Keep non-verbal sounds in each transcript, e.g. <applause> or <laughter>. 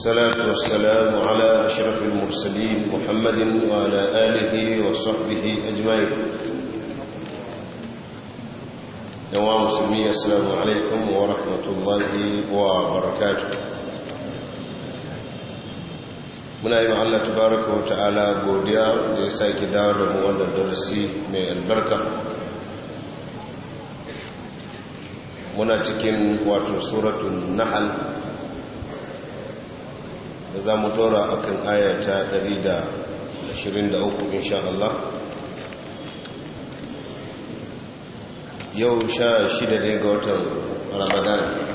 الصلاة والسلام على أشرف المرسلين محمد وعلى آله وصحبه أجمعين دوام سلمية السلام عليكم ورحمة الله وبركاته من أيما الله تبارك وتعالى بوديا ليساك دار موانا الدرسي من البركة من أجكين واتو النحل da za mu ɗora a kan ayata 123 insha Allah yau sha shida ne ga watan ramadan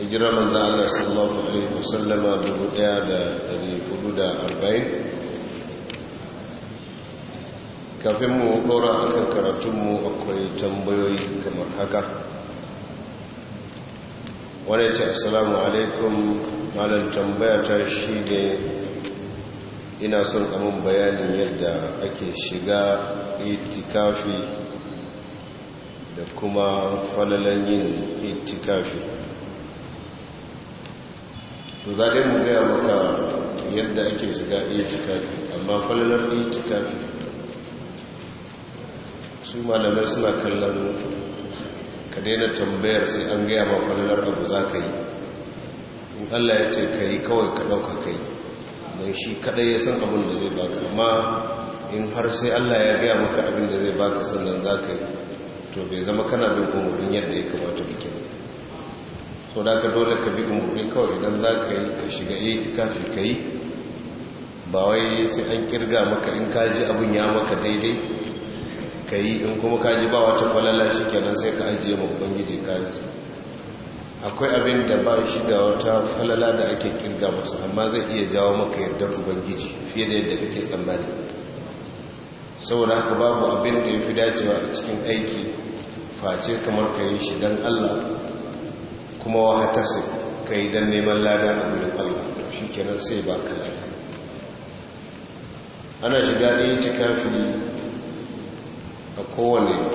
hijirar manzan Allah sallallahu Alaihi wasallama 1440 kafin mu ɗora a kan karatunmu akwai tambayoyi kamar haka wadda ce assalamu alaikum malar tambaya ta shi ne ina son amin bayanin yadda ake shiga itikafi da kuma falalan yin itikafi za dai mu gaya maka yadda ake shiga itikafi amma falalar itikafi su malamai suna kallon ka daina tambayar sai an gaya ma falalar abu za ka yi in allah ya ce ka yi kawai ka ɗauka kai don shi kaɗai ya san abin da zai baka amma in har sai allah ya gaya maka abin da zai baka sannan za ka yi to bai zama kana bin umarnin yadda ya kamata bikin so da ka dole ka bi umarin kawai idan za ka yi ka shiga iya ci kafi ka yi ba wai sai an kirga maka in ka ji abin ya maka daidai ka yi in kuma ka ji ba wata falala shi kenan sai ka ajiye mabban ka kaji akwai abin da ba shi da wata falala da ake kirga masu amma zai iya jawo maka yardar ubangiji fiye da yadda kake tsammani saboda haka babu abin da ya fi dacewa a cikin aiki face kamar ka yi shi don allah kuma su ka yi don neman lada a wurin allah shi kenan sai ba ka lada ana shiga ɗaya cikafi a kowane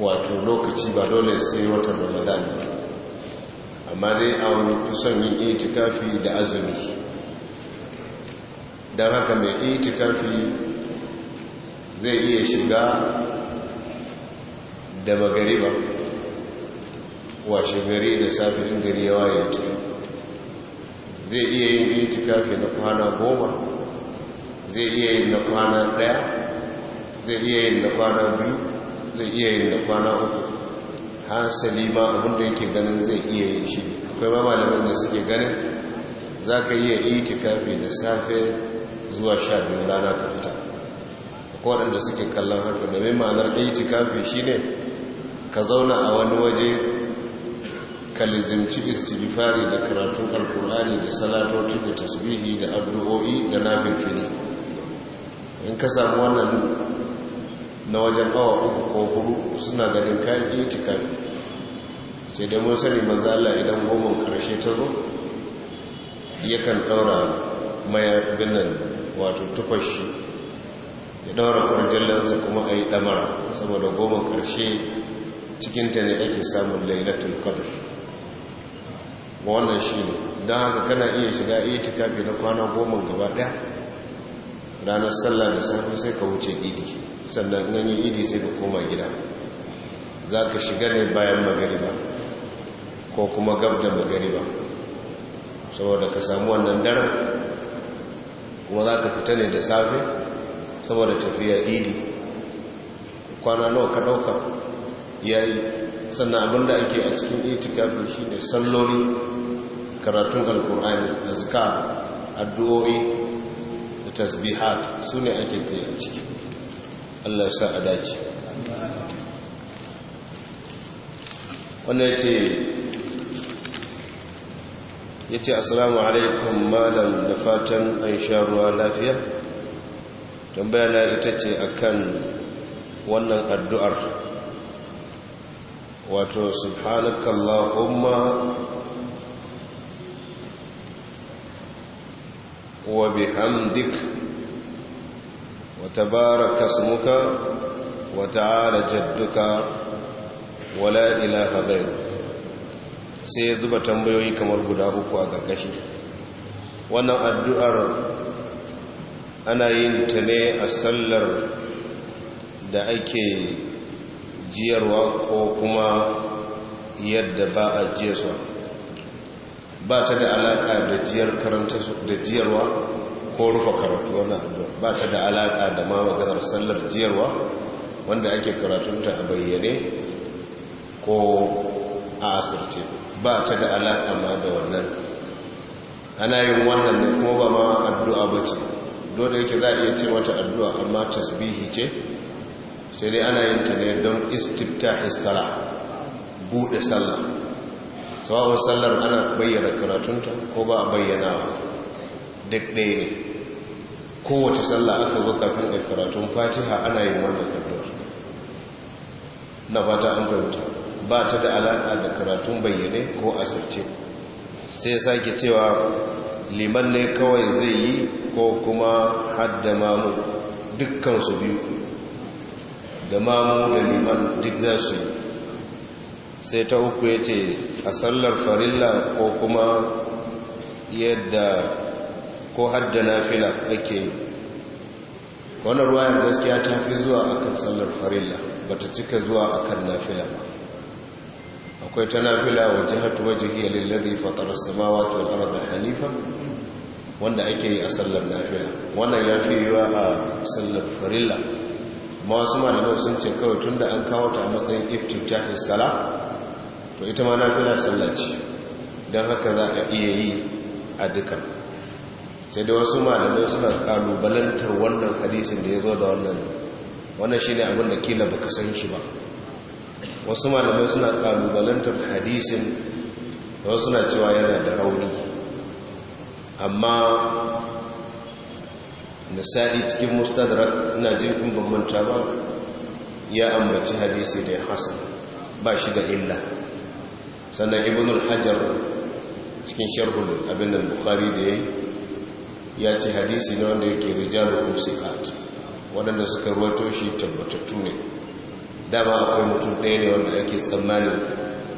wato lokaci ba dole sai watan ramadan ba amma dai an fi son yin itikafi da azumi don haka mai itikafi zai iya shiga da magariba Wa gari da safin gari yawa ya ce zai iya yin itikafi na kwana goma zai iya yin na kwana daya zai iya yin na kwana biyu zai iya yin da kwana uku hasali ma abinda yake ganin zai iya yi shi akwai ba malamin da suke ganin za ka iya itikafi da safe zuwa sha biyu rana ka fita waɗanda suke kallon haka domin ma'anar itikafi shi ne ka zauna a wani waje ka lizimci istighfari da karatun alkur'ani da salatoci da tasbihi da addu'o'i da nafin fili in ka samu wannan na wajen awa uku ko hudu suna ganin kayan itikar sai dai mun sani manza Allah idan goma karshe ta zo yakan daura mayabin nan wato tufashi ya daura kwarjallansa kuma a yi damara saboda goma karshe cikin ta ne ake samun lailatul qadr wannan shi ne don haka kana iya shiga itikafi na kwana goma gaba daya ranar sallah da safe sai ka wuce idi sannan nan idi sai ka koma gida za ka shiga ne bayan magariba ko kuma gab da magariba saboda ka samu wannan daren kuma za ka fita ne da safe saboda tafiya idi kwana nawa ka ɗauka ya yi sannan abinda ake a cikin itikafi shi ne salloli karatun alkur'ani zika addu'o'i tasbihat su ne ake ta a ciki allah sa a dace wanda ce ya ce asalamu alaikum malam da fatan an sha ruwa lafiya tambaya na ita ce a kan wannan addu'ar wato Umma. وبحمدك وتبارك اسمك وتعالى جدك ولا إله غيرك sai ya zuba tambayoyi kamar guda uku a ƙarƙashi wannan addu'ar ana yin ta ne a sallar da ake jiyarwa ko kuma yadda ba a jiyarwa ba ta da alaƙa da jiyar karanta da jiyarwa ko rufa karatu wannan addu'ar ba ta da alaƙa da ma maganar sallar jiyarwa wanda ake karatunta a bayyane ko a asirce ba ta da alaƙa ma da wannan ana yin wannan ne kuma ba ma addu'a ba ce dole yake za a iya ce wata addu'a amma tasbihi ce sai dai ana yin ta ne don istifta isra buɗe sallah tsawon sallar ana bayyana karatunta ko ba a bayyana duk ɗaya ne kowace sallah aka zo kafin a karatun fatiha ana yin wannan addu'ar na fata an fahimta ba ta da alaƙa da karatun bayyane ko asirce sai ya sake cewa liman ne kawai zai yi ko kuma hadda mamu dukkan su biyu da mamu da liman duk za su yi sai ta uku ya ce a sallar farilla ko kuma yadda ko na fila ake yi wani ruwayar gaskiya ta fi zuwa akan sallar farilla ba ta cika zuwa akan fila ba akwai ta nafila wa jihatu wajihi fatar samawa ta wal da halifa wanda ake yi a sallar nafila wannan ya fi yiwa a sallar farilla ma wasu malamai sun ce kawai tun da an kawo ta a matsayin iftiftahin sala. to ita ma na fila sallah ce don haka za a iya yi a dukan sai da wasu malamai suna kalubalantar wannan hadisin da ya zo da wannan wannan shi ne abin da kila baka san shi ba wasu malamai suna kalubalantar hadisin da wasu na cewa yana da rauni amma sa'i cikin mustadrak na jin in manta ba ya ambaci hadisi da ya hasa ba shi da illa sannan ibn al-hajar cikin sharhul abin da bukhari da yayi ya ce hadisi ne wanda yake rijalu usikat waɗanda suka ruwato shi tabbatattu ne dama akwai mutum ɗaya ne wanda ake tsammanin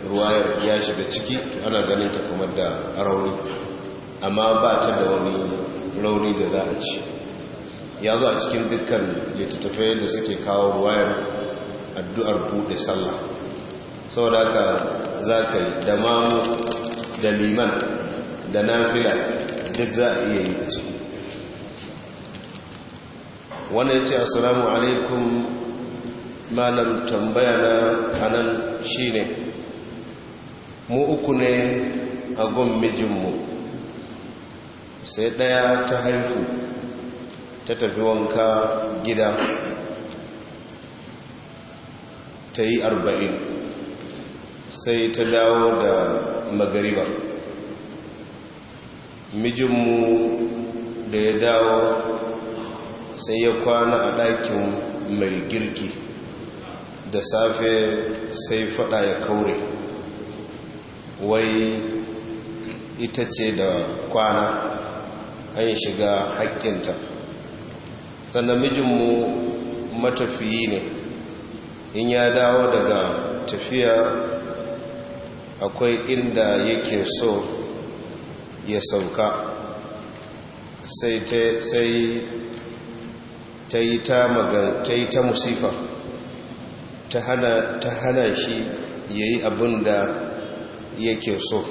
ruwayar ya shiga ciki ana ganin ta kuma da rauni amma ba ta da wani rauni da za a ci ya zo a cikin dukkan littattafai da suke kawo ruwayar addu'ar buɗe sallah saboda haka za ka yi da mamu da liman da nafila duk za a iya yi da ciki wani ya ce assalamu alaikum malam tambaya na anan shi ne mu uku ne a gun mijinmu sai ɗaya ta haifu ta tafi wanka gida ta yi arba'in sai ta dawo da magariba mijinmu da ya dawo sai ya kwana a ɗakin mai girki da safe sai fada ya kaure wai ita ce da kwana an shiga haƙƙinta sannan mijinmu matafiyi ne in ya dawo daga tafiya akwai inda yake so ya sauka sai ta yi ta musifa ta hana shi ya yi abin da yake so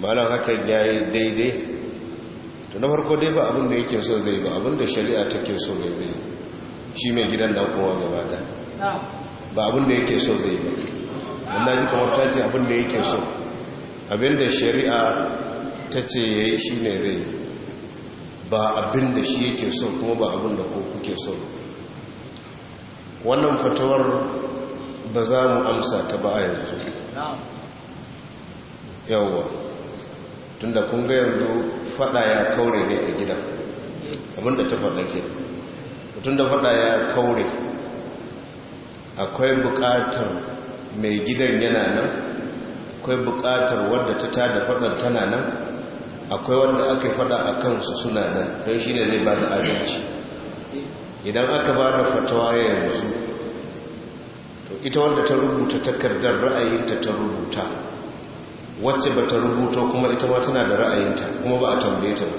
malam hakan ya yi daidai to na farko dai ba abin da yake so zai ba abin da shari'a take so mai zai shi mai gidan na kowa gaba da ba abin da yake so zai ba wanda ji kamar ta ce abinda yake so abinda shari'a ta ce ya yi shi ne zai ba abinda shi yake so kuma ba abinda ko kuke so wannan fatawar ba za mu amsa ta ba a yanzu yawwa tunda kun ga yanzu fada ya kaure ne a abin abinda ta fada ke tunda fada ya kaure akwai buƙatar mai gidan yana nan akwai bukatar wadda ta da fadar tana nan akwai wanda aka fada a kansu suna nan don shi ne zai ba da abinci idan aka ba da fatawa yanzu to ita wanda ta rubuta takardar ra'ayinta ta rubuta wacce ba ta rubuta kuma ita ma tana da ra'ayinta kuma ba a tambaye ta ba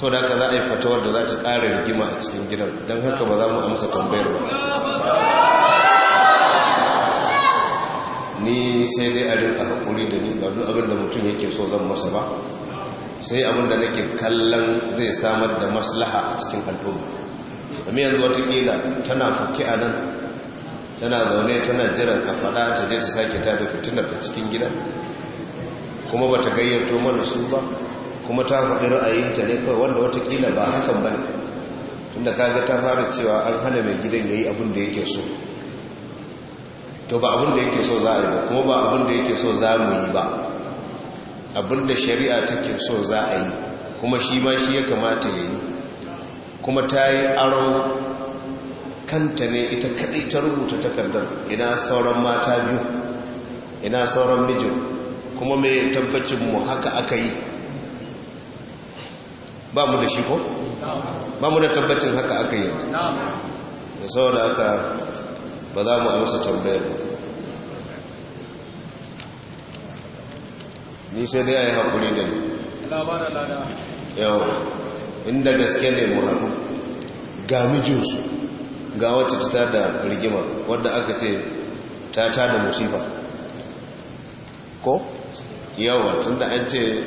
sau da haka za a yi fatawar da za ta ƙara rigima a cikin gidan don haka ba za mu amsa tambayar ba ni sai dai a rinka haƙuri da ni ba zuwa abin da mutum yake so zan masa ba sai abin da nake kallon zai samar da maslaha a cikin al'umma domin yanzu watakila tana fuki a nan tana zaune tana jiran a faɗa ta je ta sake ta da fitinar a cikin gida kuma ba ta gayyato mana su ba kuma ta faɗi ra'ayinta ne kawai wanda watakila ba hakan ba ne tunda kaga ta fara cewa an hana mai gidan ya yi abin da yake so to ba abin da yake so za a yi ba kuma ba abin da yake so za mu yi ba abin da shari'a take so za a yi kuma shi ma shi ya kamata ya yi kuma ta yi aro kanta ne ita kaɗai ta rubuta takardar ina sauran mata biyu ina sauran mijin kuma mai tabbacin mu haka aka yi ba mu da shi ko? ba mu da tabbacin haka aka yi da saboda haka ba za mu amsa tambayar ba ni sai dai a yi haƙuri da ni yawon inda gaske ne mu haɗu ga mijinsu ga wacce ta tada rigima wadda aka ce ta tada musifa ko yawa tunda an ce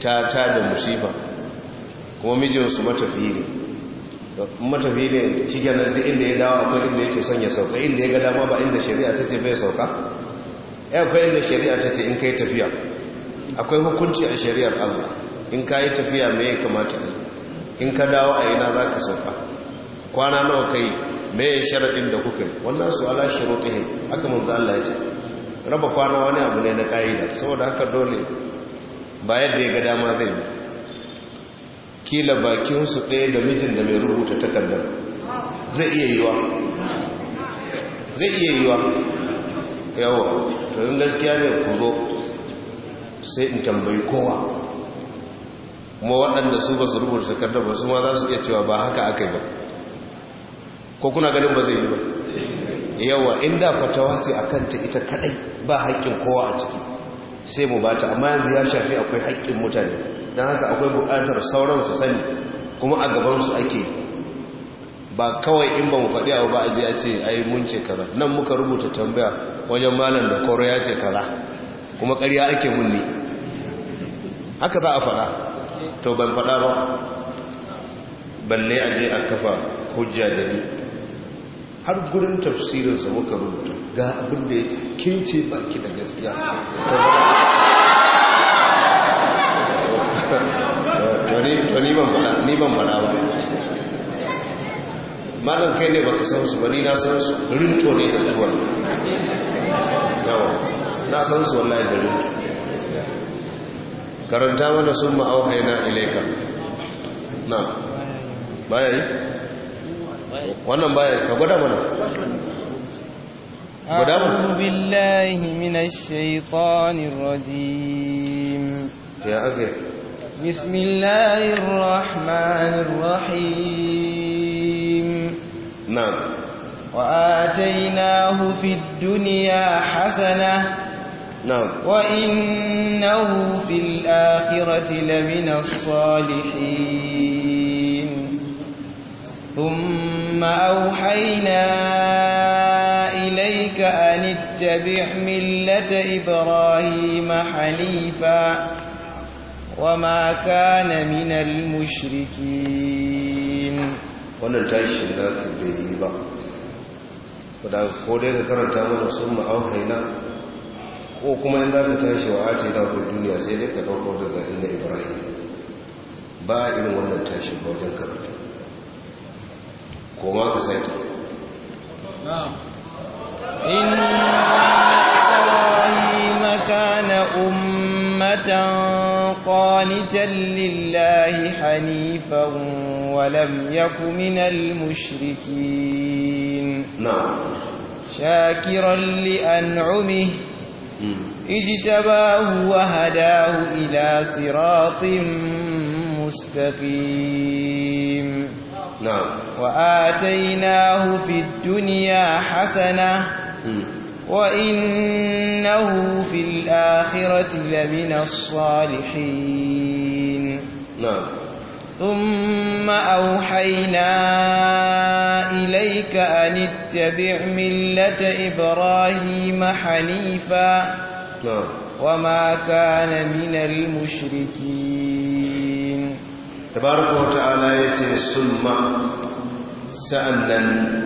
ta tada musifa kuma mijinsu matafi ne matafi ne shi ganar da inda ya dawa akwai inda yake son ya sauka inda ya ga dama ba inda shari'a ta ce bai sauka ya eh, akwai inda shari'a ta ce in ka yi tafiya akwai hukunci a shari'ar allah in ka yi tafiya mai ya kamata in ka dawa a yana za ka sauka kwana nawa ka yi mai sharaɗin da kuka yi wannan su ala shirotihin aka manzo allah ya ce raba kwana wani abu ne na ƙa'ida saboda haka dole ba yadda ya ga dama zai yi kila bakinsu ɗaya da mijin da mai rubuta takardar zai iya wa zai iya wa yawa turin gaskiya ne ku zo sai in tambayi kowa kuma waɗanda su ba su rubuta takardar ba su ma za su iya cewa ba haka aka yi ba ko kuna ganin ba zai yi ba yawa inda fatawa ce a kanta ita kaɗai ba haƙƙin kowa a ciki sai mu bata amma yanzu ya shafi akwai haƙƙin mutane don haka akwai bukatar sauran su sani kuma a gabansu ake ba kawai in ba mu faɗi abu ba a ji a ce a yi munce kaza nan muka rubuta tambaya wajen malam da koro ya ce kaza kuma ƙarya ake mun haka za a faɗa to ban faɗa ba balle a je a kafa hujja da ni har gurin tafsirinsa muka rubuta ga abin da ya ce kin ce ba ki da gaskiya to ni ban fara ba malam kai ne baka san su ba ni na san su rinto ne da zuwa yawa na san su wallahi da rinto karanta mana sun ma'auhai na ilaika na baya yi wannan baya ka gwada mana أعوذ بالله من الشيطان الرجيم يا أخي بسم الله الرحمن الرحيم نعم وآتيناه في الدنيا حسنة نعم وإنه في الآخرة لمن الصالحين ثم أوحينا إليك أن اتبع ملة إبراهيم حنيفاً ka كان من المشركين wannan tashi na ka bai yi ba da kodai ka karanta mana sun ma'auhaina ko kuma yin za ka tashi wa ake na duniya sai dai ka ɗauko daga inda ibrahim ba irin wannan tashi ba wajen karanta koma ka saita أمة قانتا لله حنيفا ولم يك من المشركين نعم شاكرا لأنعمه اجتباه وهداه إلى صراط مستقيم نعم وآتيناه في الدنيا حسنة وإنه في الآخرة لمن الصالحين نعم ثم أوحينا إليك أن اتبع ملة إبراهيم حنيفا نعم وما كان من المشركين تبارك وتعالى يتي السلمة سألنا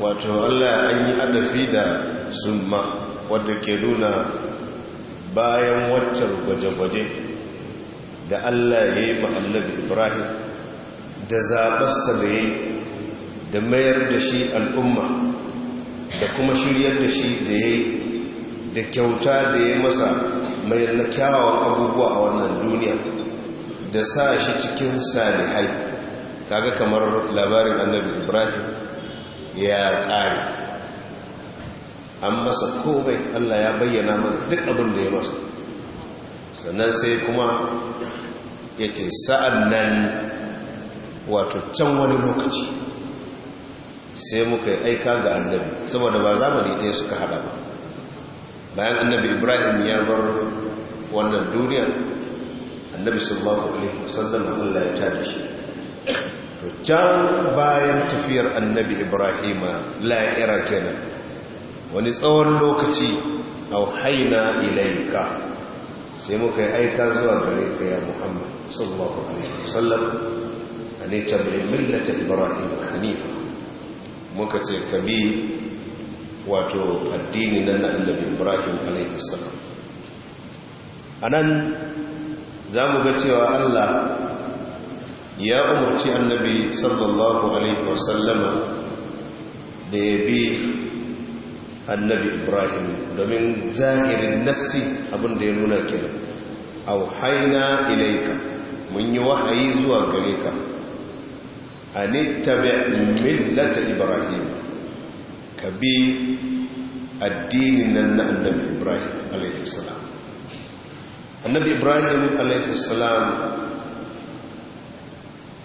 وتعالى أن يأدفي ذا summa wadda ke nuna bayan waccan gwaje-gwaje da Allah ya yi ma'allabi Ibrahim da zaɓarsa da ya da mayar da shi al'umma da kuma shiryar da shi da ya da kyauta da ya masa mai na kyawawan abubuwa a wannan duniya da sa shi cikin salihai kaga kamar labarin annabi Ibrahim ya ƙare an masa komai Allah ya bayyana mana duk abin da ya masa sannan sai kuma ya ce sa'an nan wato can wani lokaci sai muka yi aika ga annabi saboda ba zamani ɗaya suka haɗa ba bayan annabi ibrahim ya bar wannan duniya annabi sun sallallahu alaihi sannan Allah ya tada shi to can bayan tafiyar annabi ibrahim la'ira kenan wani tsawon lokaci haina ilaika sai muka yi aika zuwa gare ka ya muhammad sallallahu alaihi wasallam an tabi millata ibrahim hanifa muka ce ka bi wato addini nan na annabi ibrahim alaihi salam anan za mu ga cewa allah ya umarci annabi sallallahu alaihi wasallama da ya bi annabi ibrahim domin zahirin nassi abinda ya nuna kenan au haina ilaika mun yi wahayi zuwa gare ka anittabi millata ibrahim ka bi addinin nan na annabi ibrahim salam annabi ibrahim salam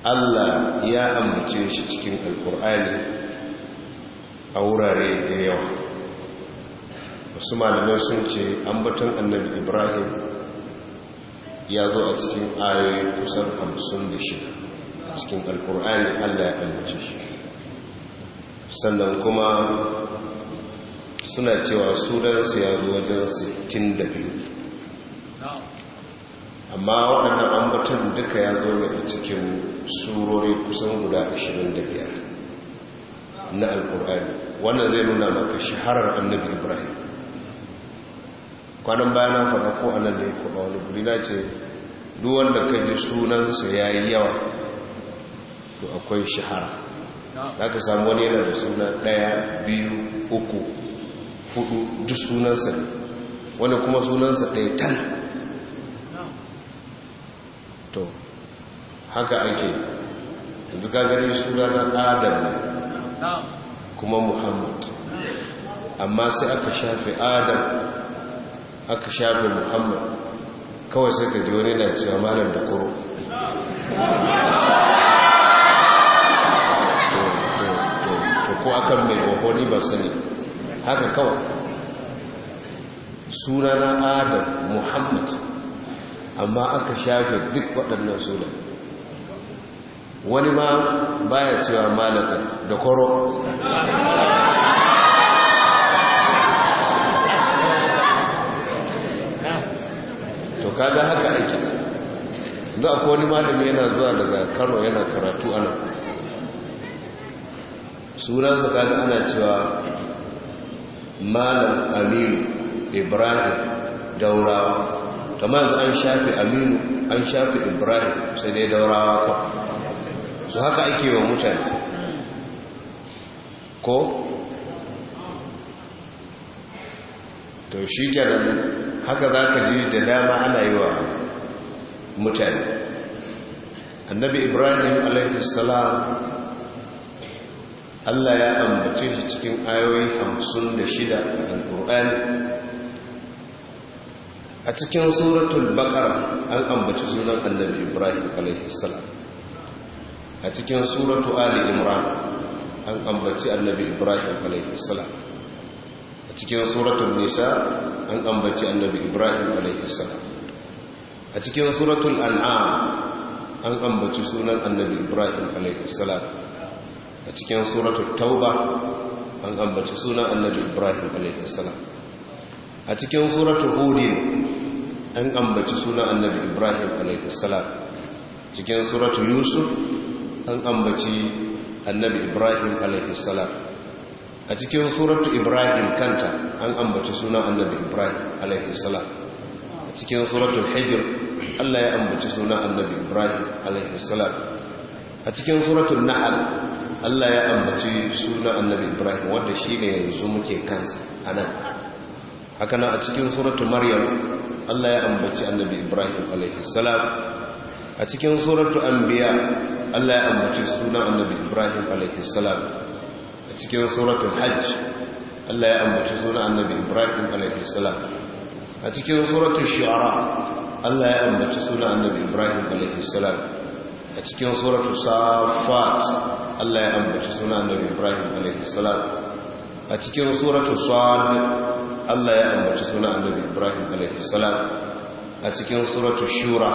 allah ya ambace shi cikin alkur'ani a wurare da yawa wasu malamai sun ce ambatan annabi ibrahim ya zo a cikin ayoyi kusan hamsin da shida a cikin alkur'ani allah ya ambace shi sannan kuma suna cewa sunansa ya zo wajen sittin da biyu amma waɗannan ambatan duka ya zo ne a cikin surori kusan guda ashirin da biyar na alkur'ani wannan zai nuna maka shaharar annabi ibrahim kwanan bayan na faɗa ko anan ya ko wani guri na ce duwan da ka ji sunansa ya yi yawa to akwai shahara za ka samu wani yana da suna ɗaya biyu uku hudu duk sunansa wani kuma sunansa ɗaya tal to haka ake yanzu ka gani suna na adam ne kuma muhammad amma sai aka shafe adam aka shafi muhammad kawai sai ka ji wani na cewa malam da kuro to ko akan mai wahoni ba sani haka kawai na adam muhammad amma aka shafi duk waɗannan suna. wani ma baya cewa malam da kuro to kaga haka aiki za a wani malami yana zuwa daga kano yana karatu ana su kada ana cewa malam aminu ibrahim daurawa kama yanzu an shafi aminu an shafi ibrahim sai dai daurawa ko su haka ake wa mutane ko to shi kenan haka za ka ji da dama ana yi wa mutane annabi ibrahim alaihissalam allah ya ambace shi cikin ayoyi hamsin da shida a al'ur'ani a cikin suratul bakara an ambaci sunan annabi ibrahim alaihissalam a cikin suratul ali imran an ambaci annabi ibrahim alaihissalam a cikin suratul nisa an ambaci annabi ibrahim alaihissalam a cikin suratul an'am an ambaci sunan annabi ibrahim alaihissalam a cikin suratul tauba an ambaci sunan annabi ibrahim alaihissalam a cikin suratul hudin an ambaci sunan annabi ibrahim A cikin suratul yusuf an ambaci annabi ibrahim alaihissalam a cikin suratu ibrahim kanta an ambaci suna annabi ibrahim alaihi salam a cikin suratu hijr Allah ya ambaci suna annabi ibrahim alaihi salam a cikin suratu nahl Allah ya ambaci suna annabi ibrahim wanda shi ne yanzu muke kansa anan haka nan a cikin suratu maryam Allah ya ambaci annabi ibrahim alaihi salam a cikin suratu anbiya Allah ya ambaci suna annabi ibrahim alaihi salam a cikin suratul hajj Allah ya ambaci sunan annabi Ibrahim Alayhi salam a cikin suratul shu'ara Allah ya ambaci sunan annabi Ibrahim Alayhi salam a cikin suratul safat Allah ya ambaci sunan annabi Ibrahim Alayhi salam a cikin suratul sad Allah ya ambaci sunan annabi Ibrahim Alayhi salam a cikin suratul shura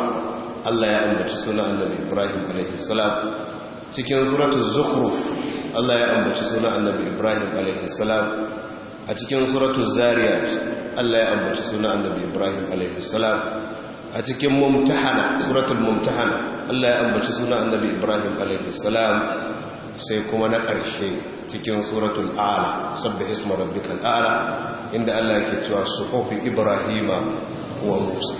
Allah ya ambaci sunan annabi Ibrahim Alayhi salam cikin suratul zukhruf Allah ya ambaci sunan annabi Ibrahim alaihi salam a cikin suratul zariyat Allah ya ambaci sunan annabi Ibrahim alaihi salam a cikin mumtahana suratul mumtahana Allah ya ambaci sunan annabi Ibrahim alaihi salam sai kuma na ƙarshe cikin suratul a'la sabbih isma rabbikal a'la inda Allah yake cewa suhufi Ibrahima wa Musa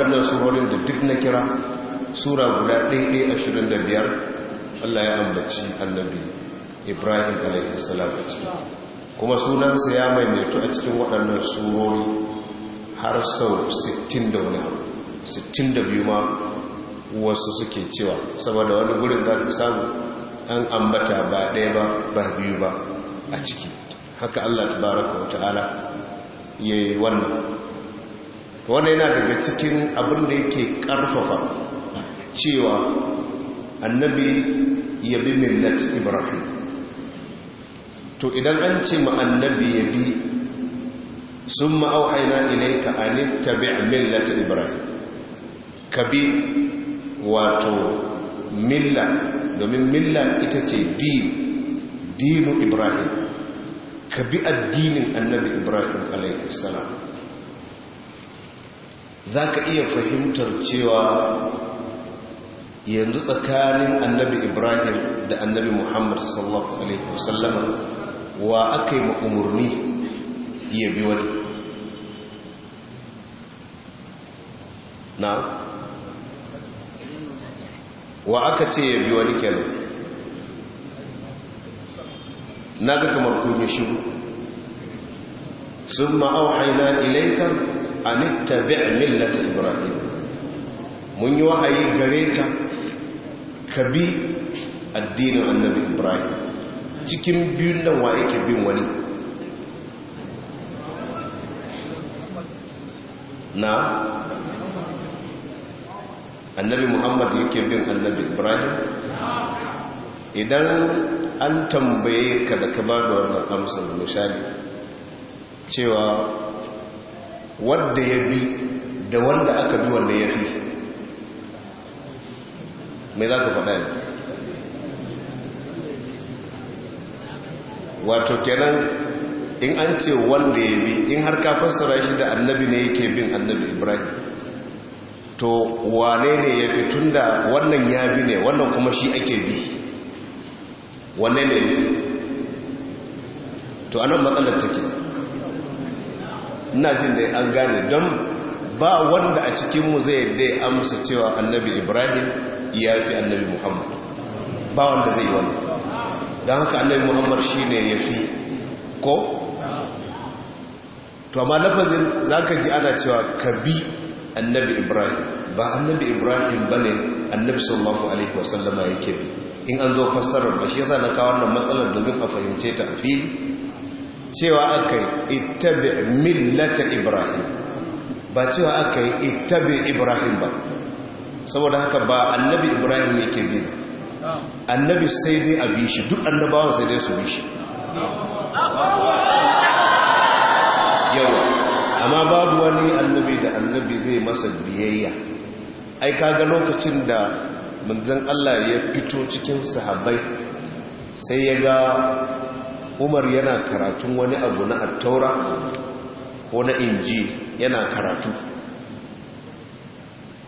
waɗannan surorin da duk na kira sura guda ɗaya ashirin da biyar allah ya ambaci annabi ibrahim salam a ciki kuma sunansa ya maimaitu a cikin waɗannan surori har sau 60 da wani biyu ma wasu suke cewa saboda wani gurin da ka samu an ambata ba ɗaya ba ba biyu ba a ciki haka allah ta baraka wa ta'ala ya yi wannan wannan yana daga cikin abin da yake karfafa cewa annabi ya bi millat ibrahim to idan an ce ma annabi ya bi sun ma'au'aina ilaika bi a millat ibrahim ka bi wato milla domin milla ita ce dinu ibrahim ka bi addinin annabi ibrahim alaihi salam za ka iya fahimtar cewa yanzu tsakanin annabi ibrahim da annabi muhammad sallallahu alaihi wasallam wa aka yi ma'umurni ya bi wani na wa aka ce ya bi wani kenan na ga kamar kunye shi shiru sun ma'auhaina ilaikar tabi' millat ibrahim mun yi wa'ayi gare ka ka bi addinin annabi ibrahim cikin biyun nan wa yake bin wani na annabi muhammad yake bin annabi ibrahim idan an tambaye ka da ka bada da wannan amsar misali cewa wanda ya bi da wanda aka bi wanda ya fi mai za ka faɗa ne wato kenan in an ce wanda ya bi in har ka fassara shi da annabi ne yake bin annabi ibrahim to wane ne ya fi tun da wannan ya bi ne wannan kuma shi ake bi wane ne ya fi to anan matsalar take ina jin da an gane don ba wanda a cikinmu zai dai amsa cewa annabi ibrahim ya fi annabi muhammad ba wanda zai wani don haka annabi muhammad shi ne ya fi ko? to amma lafazin za ka ji ana cewa ka bi annabi ibrahim ba annabi ibrahim ba ne annabi sallallahu alaihi wasallama ya bi in an zo fassarar ba shi yasa na kawo wannan matsalar domin a fahimce ta a fili cewa aka yi ittabi millata ibrahim ba cewa aka yi ittabi ibrahim ba saboda haka ba annabi ibrahim ne bi ba annabi sai dai a bi shi duk annabawan sai dai su bi shi yawa amma babu wani annabi da annabi zai masa biyayya ai ga lokacin da manzon Allah ya fito cikin sahabai sai ya ga umar yana karatun wani abu na attaura ko na inji yana karatu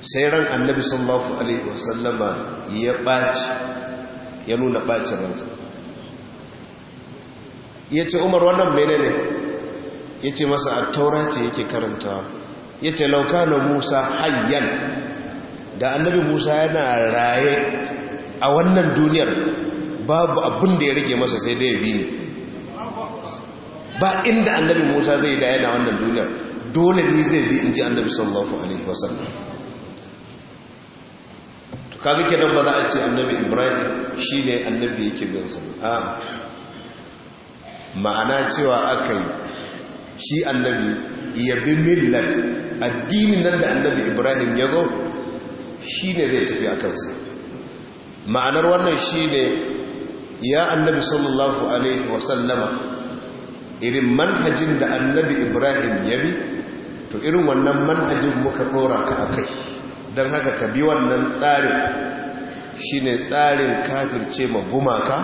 sai ran annabi sallallahu alaihi wasallama ya ɓaci ya nuna ɓacin ransa ya ce umar wannan mene ne ya ce masa attaura ce yake karantawa ya ce lauka na musa hayyan da annabi musa yana raye a wannan duniyar babu abin da ya rage masa sai dai ya bi ne ba inda annabi musa zai da yana wannan duniyar dole ne zai bi in ji annabi sallallahu alaihi wasallam to kaga kenan ba za a ce annabi ibrahim shine annabi yake bin sa a ma'ana cewa akai shi annabi ya bi millat addinin nan da annabi ibrahim ya go shine zai tafi a kansa ma'anar wannan shine ya annabi sallallahu alaihi wasallama irin manhajin da annabi ibrahim ya bi to irin wannan manhajin muka dora ka a kai don haka ka bi wannan tsarin shi ne tsarin kafirce ma gumaka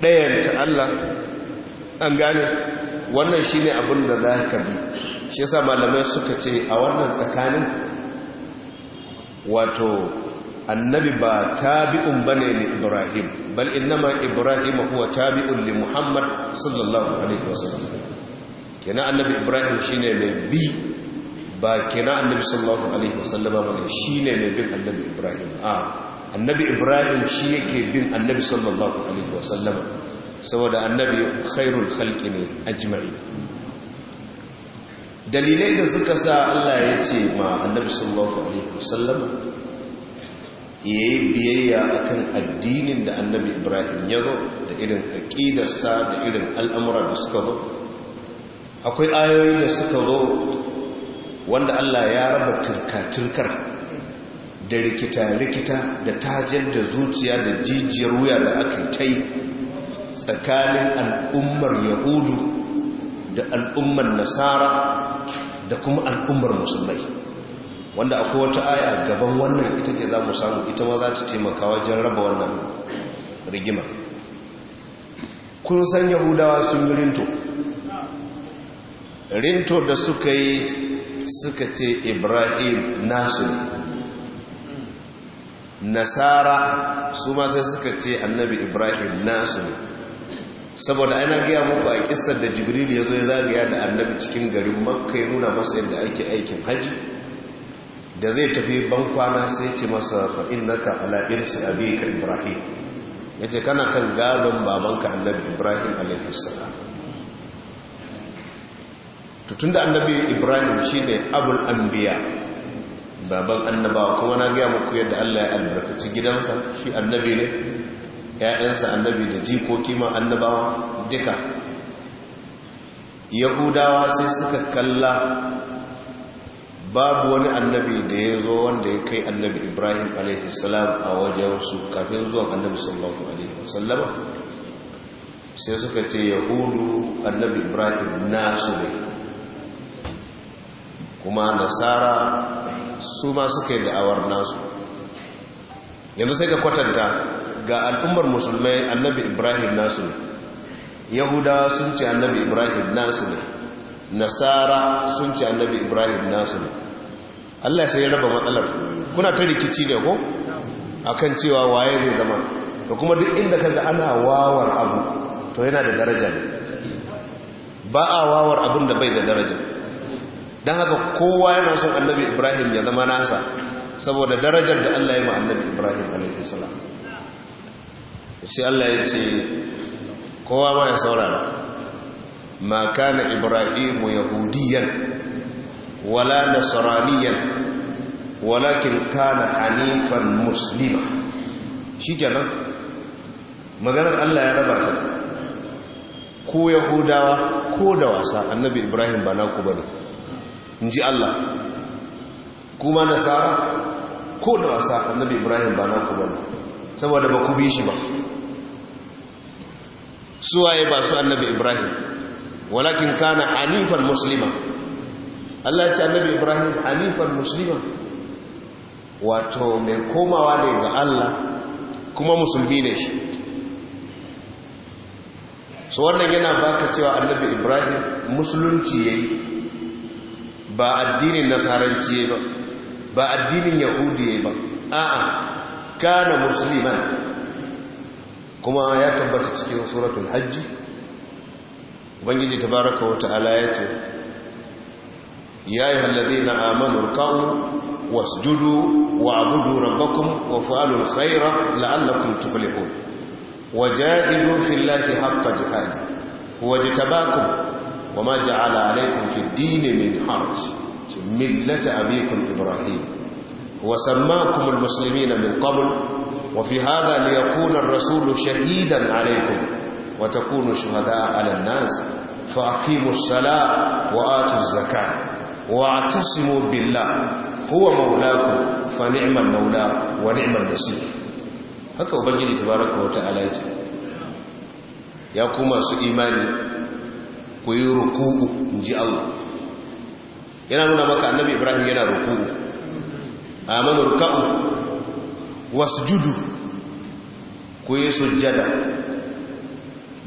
ɗayanta allah an gane wannan shi ne abin da za ka bi shi yasa malamai suka ce a wannan tsakanin wato annabi ba tabi'un bane ne ibrahim bal innama ibrahim huwa tabi'un li muhammad sallallahu alaihi wasallam kenan annabi ibrahim shine mai bi ba kenan annabi sallallahu alaihi wasallam bane shine mai bin annabi ibrahim a annabi ibrahim shi yake bin annabi sallallahu alaihi wasallam saboda annabi khairul khalqi ne ajma'i dalilai da suka sa Allah ya ce ma annabi sallallahu alaihi wasallam ya yi biyayya kan addinin da annabi ibrahim ya zo da irin aƙidarsa da irin al'amura da suka zo akwai ayoyi da suka zo wanda allah ya raba turka-turkar da rikita-rikita da tajiyar da zuciya da jijiyar wuya da aka ta yi tsakanin al'ummar yahudu da al'ummar nasara da kuma al'ummar musulmai wanda akwai wata aya gaban wannan ita ce za mu samu ita ma za ta taimaka wajen raba wannan rigima kun san yahudawa sun yi rinto rinto da suka yi suka ce ibrahim nasu nasara su ma sai suka ce annabi ibrahim nasu ne saboda ana gaya muku a kisar da jibril ya zo ya zagaya da annabi cikin garin makka ya nuna masa yadda ake aikin hajji da zai tafi bankwana sai ce masa fa'in naka abi ka ibrahim ya ce kana kan gadon babanka annabi ibrahim alaihissala tutun da annabi ibrahim shi ne abul anbiya baban annabawa kuma na gaya muku yadda allah ya albarkaci gidansa shi annabi ne ‘ya'yansa annabi da jikoki ma annabawa duka yahudawa sai suka kalla babu wani annabi da ya zo wanda ya kai annabi ibrahim a.s. a wajen su kafin zuwa annabi sallallahu alaihi wasallama sai suka ce yahudu annabi ibrahim nasu ne kuma nasara su ma suka yi da'awar nasu yanzu sai ka kwatanta ga al'ummar musulmai annabi ibrahim nasu ne yahudawa sun ce annabi ibrahim nasu ne nasara sun ci annabi ibrahim nasu ne allah sai ya raba matsalar kuna ta rikici ne ko akan cewa waye zai zama da kuma duk inda kaga ana wawar abu to yana da daraja ne ba a wawar abin da bai da daraja don haka kowa yana son annabi ibrahim ya zama nasa saboda darajar da allah ya ma annabi ibrahim a.s.w. sai allah ya ce kowa ma ya saurara ma kana ibrahimu yahudiyan wala nasraniyan walakin kana hanifan muslima shikenan maganar Allah ya raba ta ko yahudawa ko da wasa annabi ibrahim ba naku bane inji Allah kuma nasara ko da wasa annabi ibrahim ba naku saboda ba ku bi shi ba suwaye ba su annabi ibrahim walakin kana hanifan musulima Allah ya ce annabi Ibrahim hanifan musulima wato mai komawa ne ga Allah kuma musulmi ne shi so wannan yana baka cewa annabi Ibrahim musulunci yi ba addinin nasaranci yi ba ba addinin yahudi yi ba a'a kana musulman. kuma ya tabbata cikin suratul hajji ubangiji tabaraka wa ta'ala ya ce ya yi hallazi na amanu kawo wasjudu wa abudu rabbakum wa fa'alul khaira la'allakum tuflihun wajahidu fillahi haqqa jihadi wajtabakum wama ja'ala alaykum fid dini min harj millata abikum ibrahim wa sammakum almuslimina min qabl وفي هذا ليكون الرسول شهيدا عليكم وتكونوا شهداء على الناس فأقيموا الصلاة وآتوا الزكاة واعتصموا بالله هو مولاكم فنعم المولى ونعم النصير haka ubangiji tabaraka wa ta'ala ya ya ku masu imani ku yi ruku'u inji Allah yana nuna maka annabi Ibrahim yana ruku'u amanu ruku'u wasjudu ku yi sujjada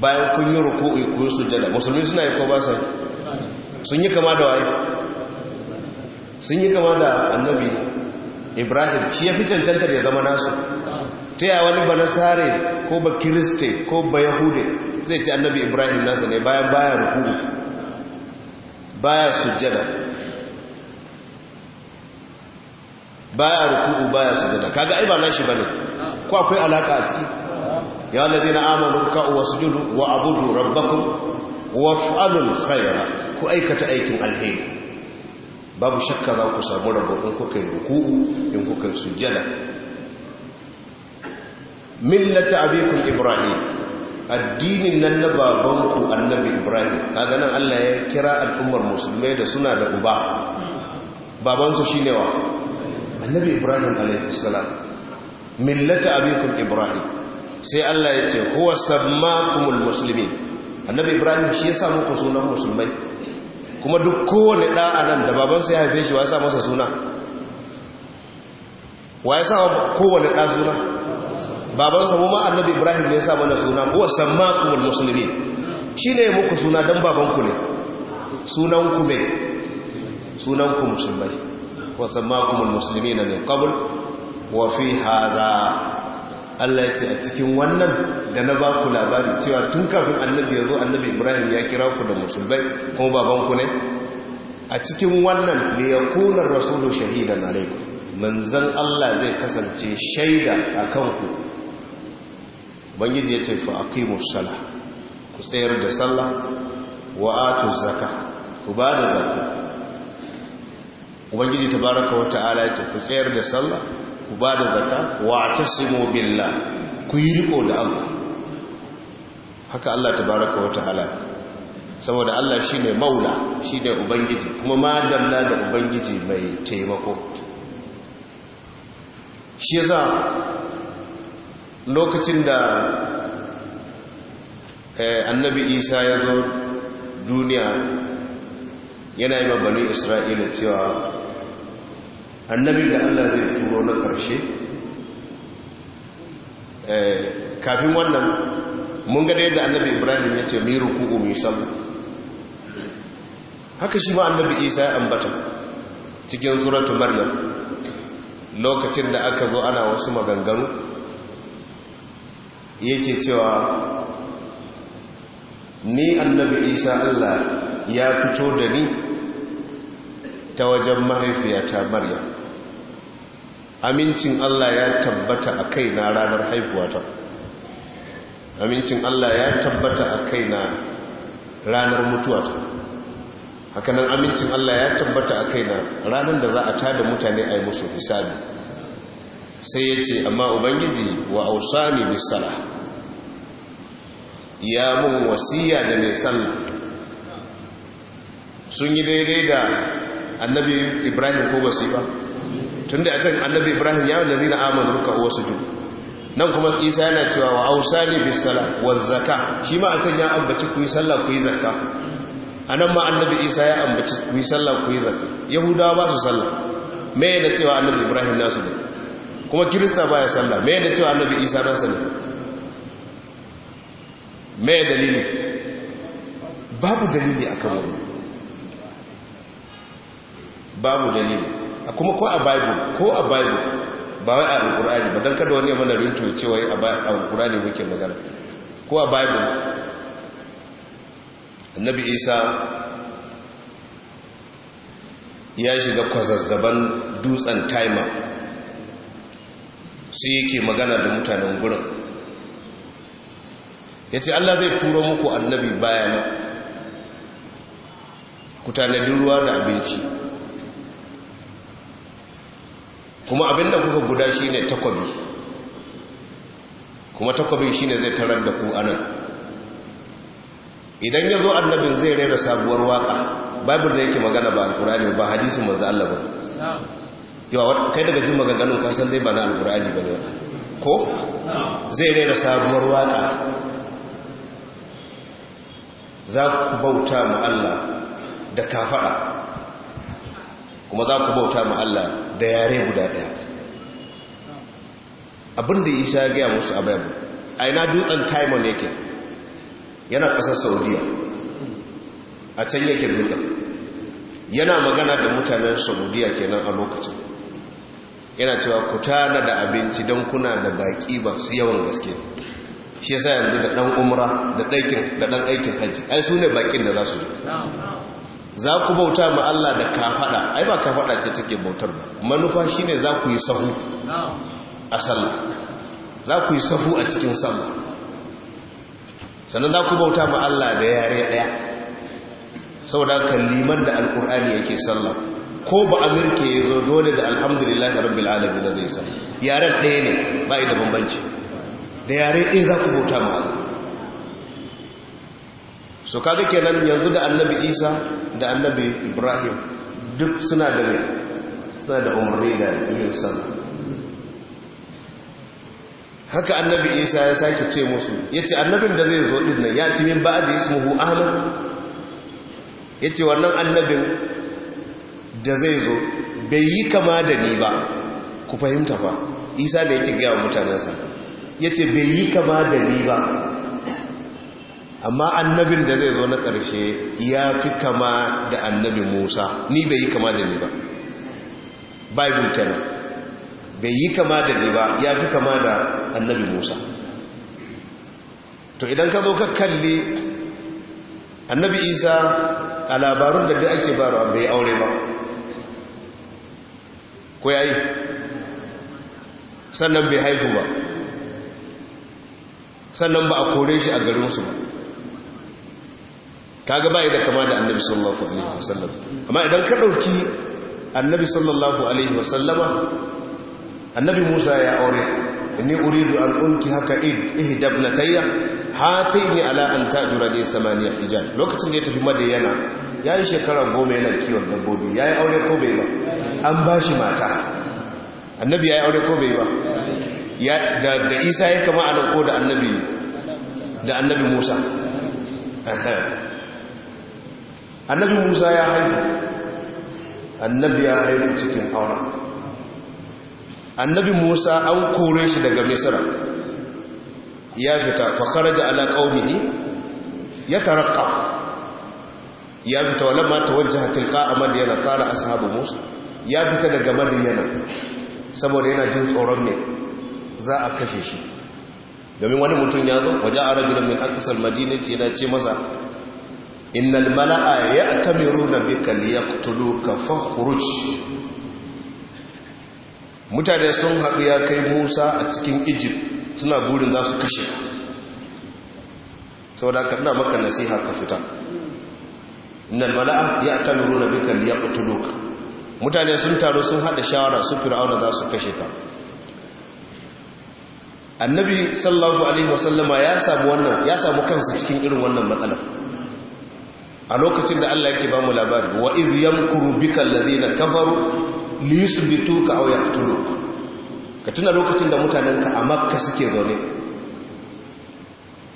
bayan kun yi ruku'i ku sujada musulmi suna yi ko ba sa sun yi kama da waye sun yi kama da annabi ibrahim shi ya fi cancantar ya zama nasu ta yaya wani ba nasare ko ba kiriste ko ba yahude zai ci annabi ibrahim nasa ne bayan bayan ruku'u baya sujada baya ruku'u baya sujada kaga ai ba nashi bane ko akwai alaka a ciki ya su judu wa abudu wa'budu wa fa’adun khayra ku aikata aikin alheri babu shakka za ku samu rabo in kuka yi ruku'u in kuka yi sujjada millata abikun ibrahim addinin nan na babanku annabi ibrahim ta ganin Allah ya kira al'ummar musulmai da suna da uba babansu shi wa annabi ibrahim a.s. salam millata abikun ibrahim sai Allah ya ce huwa sammakumul muslimin annabi ibrahim shi ya sa muku sunan musulmai kuma duk kowane ɗa a nan da babansa ya haife shi wa ya sa masa suna wa ya sa kowane ɗa suna babansa mu ma annabi ibrahim ne ya sa mana suna huwa sammakumul muslimin shi ne muku suna don babanku ne sunanku mai sunanku musulmai wa sammakumul muslimin min qabl wa fi hadha Allah ya ce a cikin wannan da na ba ku labari cewa tun kafin annabi ya zo annabi ibrahim ya kira ku da musulmai kuma babanku ne a cikin wannan da ya kunar rasulu na alaikum manzan Allah zai kasance shaida a ku bangiji ya ce fa aqimu musala ku tsayar da sallah wa atu zaka ku ba da zaka ubangiji tabaraka wa ta'ala ya ce ku tsayar da sallah ku ba da zaka wa tasimu billa ku yi riko da Allah haka Allah ta baraka wata hala saboda Allah shi ne maula shi shine ubangiji kuma madalla da ubangiji mai taimako shi yasa lokacin da eh, annabi Isa ya zo duniya yana yi babbanin Isra'ila cewa annabi da allah zai turo na ƙarshe eh, kafin wannan mun gada yadda annabi ibrahim ya ce miru kugu mai samu haka shi ma annabi isa ya ambata cikin suratu maryam lokacin da aka zo ana wasu maganganu yake cewa ni annabi isa allah ya fito da ni ta wajen mahaifiyata maryam amincin Allah ya tabbata a kaina ranar haifuwata amincin Allah ya tabbata a kaina ranar mutuwata hakanan amincin Allah ya tabbata a kaina ranar da za a tada mutane a yi musu hisabi sai ya ce amma ubangiji wa ausani bisala ya mun wasiya da mai sallah sun yi daidai da annabi ibrahim ko basi ba tunda a can annabi ibrahim ya wanda zina amon ruka su judu nan kuma isa yana cewa wa hausa ne bisala wa zaka shi ma a can ya ambaci ku yi sallah ku yi zaka a nan ma annabi isa ya ambaci ku yi sallah ku yi zaka yahudawa ba su sallah me yana cewa annabi ibrahim nasu ne kuma kirista ba ya sallah me yana cewa annabi isa nasu ne me ya dalili babu dalili a wani babu dalili kuma ko a bible ko a bible ba wai a alkur'ani ba don kada wani ya mana rinto cewa a alkur'ani muke magana ko a bible annabi isa ya shiga kwazazzaban dutsen taima sai yake magana da mutanen gurin ya ce allah zai turo muku annabi bayana ku tanadin ruwa da abinci kuma abinda kuka guda shi ne takwabi kuma takwabi shi ne zai tarar da ku anan idan ya zo annabin zai rera sabuwar waka babin da yake magana ba alkurani ba hadisun manzo Allah ba yawa kai daga jin maganganun kasan dai ba na alkurani ba ne ko zai rera sabuwar waka za ku bauta ma Allah da kafada kuma za ku bauta ma Allah da yare guda ɗaya abinda isa ya gaya musu a bayan a ina dutsen taimon yake yana ƙasar saudiya a can yake dutsen yana magana da mutanen saudiya kenan a lokacin yana cewa ku tana da abinci don kuna da baƙi ba su yawan gaske shi yasa yanzu da ɗan umra da ɗan aikin hajji ai su ne baƙin da za su zo za ku bauta ma Allah da kafada ai ba kafada ce take bautar ba manufa shine za ku yi sahu a sallah za ku yi sahu a cikin sallah sannan za ku bauta ma Allah da yare daya saboda kalliman da alkur'ani yake sallah ko ba amirke ya zo dole da alhamdulillah rabbil alamin zai sallah yaren daya ne ba da bambanci da yare ɗaya za ku bauta ma Allah so kaga kenan yanzu da annabi isa da annabi ibrahim duk suna da mai suna da umarni da yin san haka annabi isa ya sake ce musu ya ce annabin da zai zo din nan ya ci min ba da ismuhu ahmad ya ce wannan annabin da zai zo bai yi kama da ni ba ku fahimta ba isa da yake gaya wa mutanensa ya ce bai yi kama da ni ba amma annabin da zai zo na ƙarshe ya fi kama da annabi musa ni bai yi kama da ni ba bible kenan bai yi kama da ni ba ya fi kama da annabi musa to idan ka zo ka kalli annabi isa a labarun da dai ake baro bai aure ba ko ya yi sannan bai haifu ba sannan ba a kore shi a garinsu ba kaga bai da kama da annabi sallallahu alaihi wasallam amma idan ka dauki annabi sallallahu alaihi wasallama annabi Musa ya aure inni uridu an unki haka id ihdabnatayya hataini ala an tajura li samaniya hijaj lokacin da ya tafi madayana yayi shekara 10 yana kiwon dabbobi yayi aure ko bai ba an bashi mata annabi yayi aure ko bai ba da Isa ya kama alƙo ko da annabi da annabi Musa annabi musa ya haifu annabi ya haifu cikin aura annabi musa an kore shi daga misira ya fita fakaraja ala qaumihi ya tarakka ya fita ta wajen tilqa amad yana a ashabu musa ya fita daga madiyana saboda yana jin tsoron ne za a kashe shi domin wani mutum ya zo waje a rajulun min aksal ce yana ce masa innal mala'a ya'tamiruna bika liyaqtuluka fakhruj mutane sun haɗu ya kai Musa a cikin Egypt suna burin za su kashe ka Sau da ka ina maka nasiha ka fita innal mala'a ya'tamiruna bika liyaqtuluka mutane sun taru sun haɗa shawara su fir'auna za su kashe ka annabi sallallahu alaihi wasallama ya samu wannan kansa cikin irin wannan matsalar a lokacin da Allah yake ba mu labari wa iz yamkuru bikal ladina kafaru li yusbituka aw yaqtuluk ka tuna lokacin da mutanen ka a makka suke zaune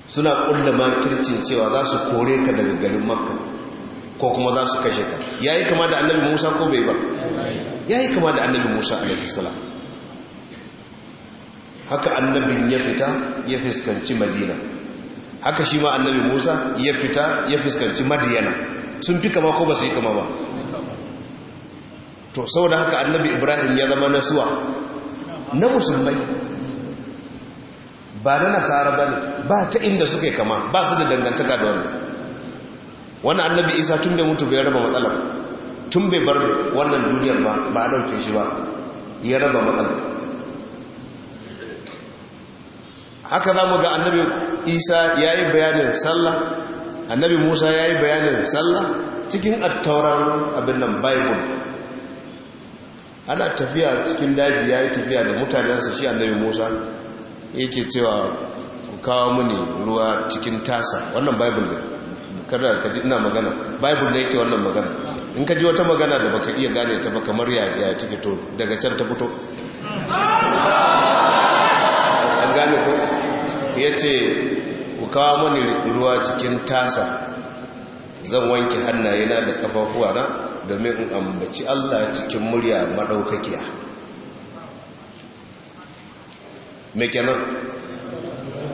suna kulla makircin cewa za su kore ka daga garin makka ko kuma za su kashe ka yayi kama da annabi Musa ko bai ba yayi kama da annabi Musa alaihi salam haka annabin ya fita ya fuskanci Madina haka shi ma annabi musa ya fita ya fuskanci madiyana sun fi kama ko ba su yi kama ba to saboda haka annabi ibrahim ya zama nasuwa na musulmai ba na nasara ba ne ba ta inda suka kama ba su da dangantaka da wani wani annabi isa tun bai mutu bai raba matsalar tun bai bar wannan duniyar ba ba a ɗauke shi ba ya raba matsalar haka za mu ga annabi isa ya yi bayanin sallah annabi musa ya yi bayanin sallah cikin attauran abin nan bible ana tafiya cikin daji ya yi tafiya da mutanensa shi annabi musa yake cewa ku kawo mini ruwa cikin tasa wannan bible ne kada ka ji ina magana bible ne yake wannan magana in ka ji wata magana da baka iya gane ta ba kamar ya ciki to daga can ta fito an gane ko ya ce ku kawo mani ruwa cikin tasa zan wanke hannayena da kafafuwa na domin in ambaci Allah cikin murya maɗaukakiya mai kenan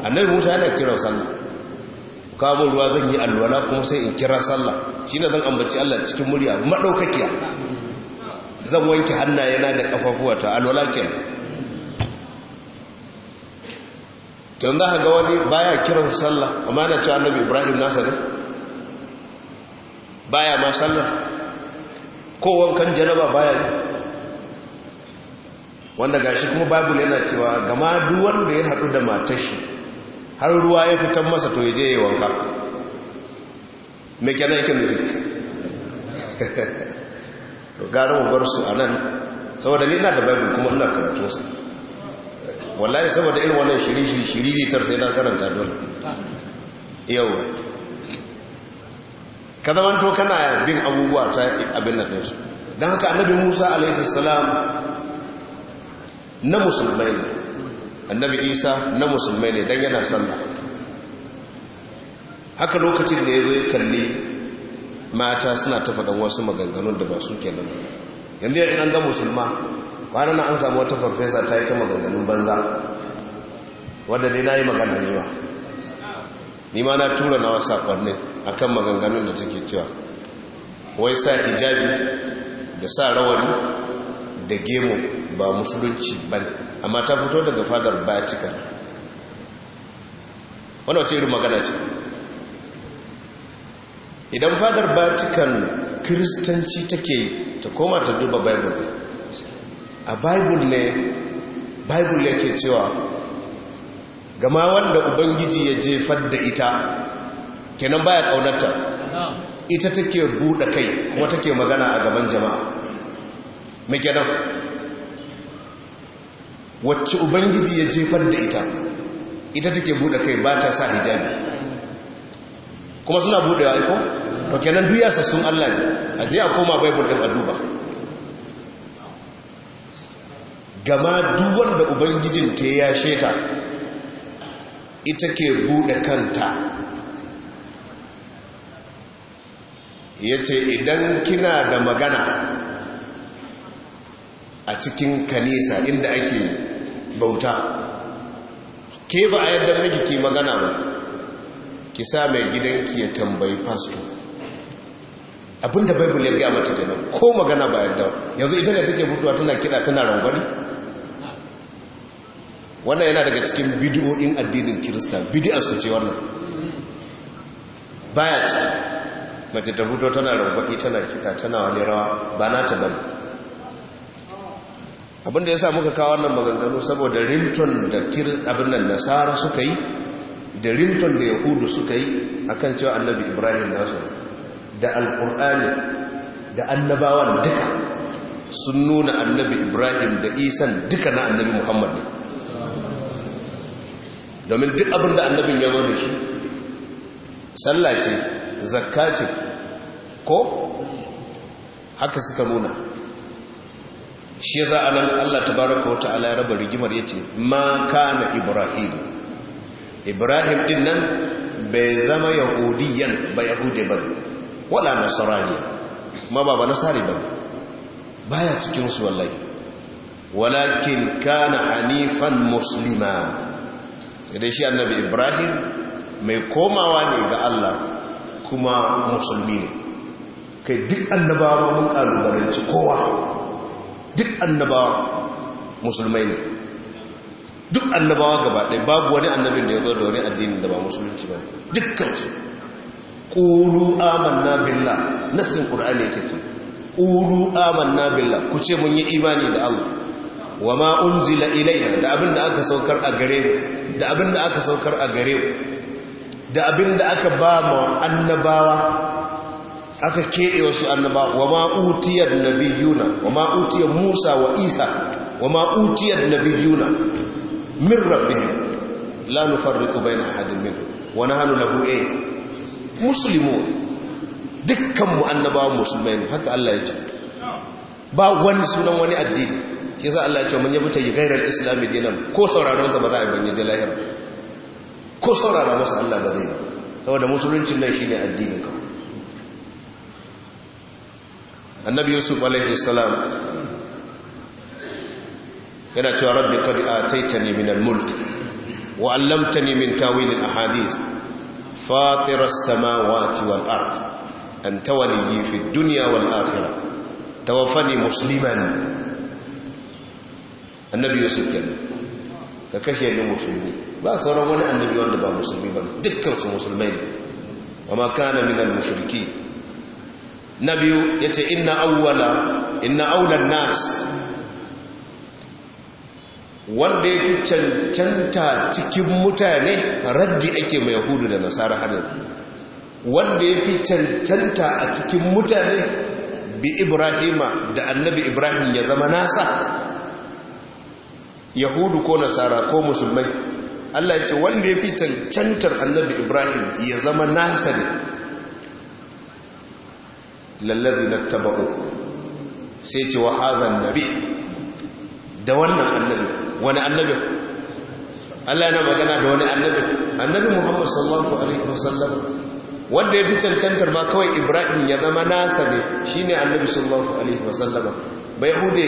annabi musa yana kiran sallah ku kawo ruwa zan yi alwala kuma sai in kira sallah shi ne zan ambaci Allah cikin murya maɗaukakiya zan wanke hannayena da kafafuwa ta alwala kenan don za ga wani baya kiran sallah amma na cewa annabi ibrahim nasa ne baya ma sallah ko wankan janaba baya ne wanda gashi kuma babu yana cewa gama duwan da ya haɗu da matashi har ruwa ya fitan masa to ya je ya wanka mai kenan yake nufi <laughs> gara mu gwarsu a nan saboda ni na da babu kuma ina karatunsa wallahi saboda irin wannan shiri shiri tar sai na karanta dole yawa ka zamanto kana bin abubuwa ta abin da ɗinsu don haka annabi musa alaihi salam na musulmai ne annabi isa na musulmai ne don yana sallah haka lokacin da ya zo ya kalli mata suna ta wasu maganganun da ba su ke nan yanzu ya ɗan ga musulma na an samu wata farfesa ta yi ta maganganun banza wadda dai na yi magana nima nima na tura na wasa kwanne a kan maganganun da take cewa wai sa ijabi da sa rawani da gemu ba musulunci ba amma ta fito daga fadar cika wani wace irin magana ce idan fadar batikan kiristanci take ta koma ta duba bible a bible ne bible yake cewa gama wanda ubangiji ya jefar da ita kenan baya kaunarta ita take buɗe kai kuma take magana a gaban jama'a mai kenan wacce ubangiji ya jefar da ita ita take buɗe kai ba ta sa hijabi kuma suna buɗewa iko to kenan duyasa sun Allah ne a je a koma bible din a duba gama duwar da ubangijin ta ya sheta ita ke buɗe kanta ya ce idan kina da magana a cikin kanisa inda ake bauta ke ba a yadda nake ki magana ba ki sa mai gidanki ya tambayi pasto abinda bible ya gaya mata ko magana ba yadda yanzu ita ne take mutuwa tana kiɗa, tana rangwani wannan yana daga cikin bidiyoyin addinin kirista bidiyar su ce wannan baya ce mace ta fito tana rarraki tana kika tana wani rawa ba na ta bane abinda ya sa muka kawo wannan maganganu saboda rinton da abin nasara suka yi da rinton da yahudu suka yi akan cewa annabi ibrahim nasu da alkur'ani da annabawan duka sun nuna annabi ibrahim da isan duka na annabi Muhammadu. domin duk abin da annabin ya zo shi sallah ce ko haka suka nuna shi ya za a nan allah Ta baraka wata ala ya raba rigimar ya ce ma kana ibrahim ibrahim din nan bai zama yahudiyan ba yahude ba wala nasarani ma ba ba nasari ba baya cikinsu wallahi walakin kana hanifan muslima sai dai shi annabi ibrahim mai komawa ne ga allah kuma musulmi ne kai duk annabawa mun kalubalanci kowa duk annabawa musulmai ne duk annabawa gaba babu wani annabin da ya zo da wani addinin da ba musulunci ba dukkansu ƙulu amanna billah nasin ƙur'ani yake ce ƙulu amanna billah ku ce mun yi imani da allah wa ma unzila ilaina da abinda aka saukar a gare mu da abinda aka saukar a gare mu da abinda aka ba mu annabawa aka kebe wasu annaba wa ma utiyar nabiyuna wa ma utiyar musa wa isa wa ma utiyar nabiyuna min rabbihim la nufarriqu baina ahadin minhum wa nahnu lahu eh muslimun dukkan mu annabawa musulmai ne haka Allah ya ce ba wani sunan wani addini shi yasa Allah ya ce mun yabuta yi gairar islami dinan ko sauraron sa ba za a banye ji lahir ko saurara masa Allah ba zai ba saboda musuluncin nan shine addinin ka annabi yusuf alaihi salam yana cewa rabbi qad ataitani min al-mulk wa 'allamtani min tawilin al fatirar fatir as-samawati wal-ard anta waliyyi fi duniya wal akira tawaffani musliman annabi yusuf kenan ka kashe ni musulmi ba sauran wani annabi wanda ba musulmi ba dukkan su musulmai ne amma kana minal mushriki na biyu yace inna awwala inna nas wanda ya fi cancanta cikin mutane raddi ake mai yahudu da nasara hannun wanda ya fi cancanta a cikin mutane bi ibrahima da annabi ibrahim ya zama nasa yahudu ko nasara ko musulmai Allah ya ce wanda ya fi cancantar annabi ibrahim ya zama nasa ne lallazi na taba'o sai ce wa hazan nabi da wannan annabi wani annabi Allah yana magana da wani annabi annabi muhammad sallallahu alaihi wasallam wanda ya fi cancantar ma kawai ibrahim ya zama nasa ne shine annabi sallallahu alaihi wasallam bai hude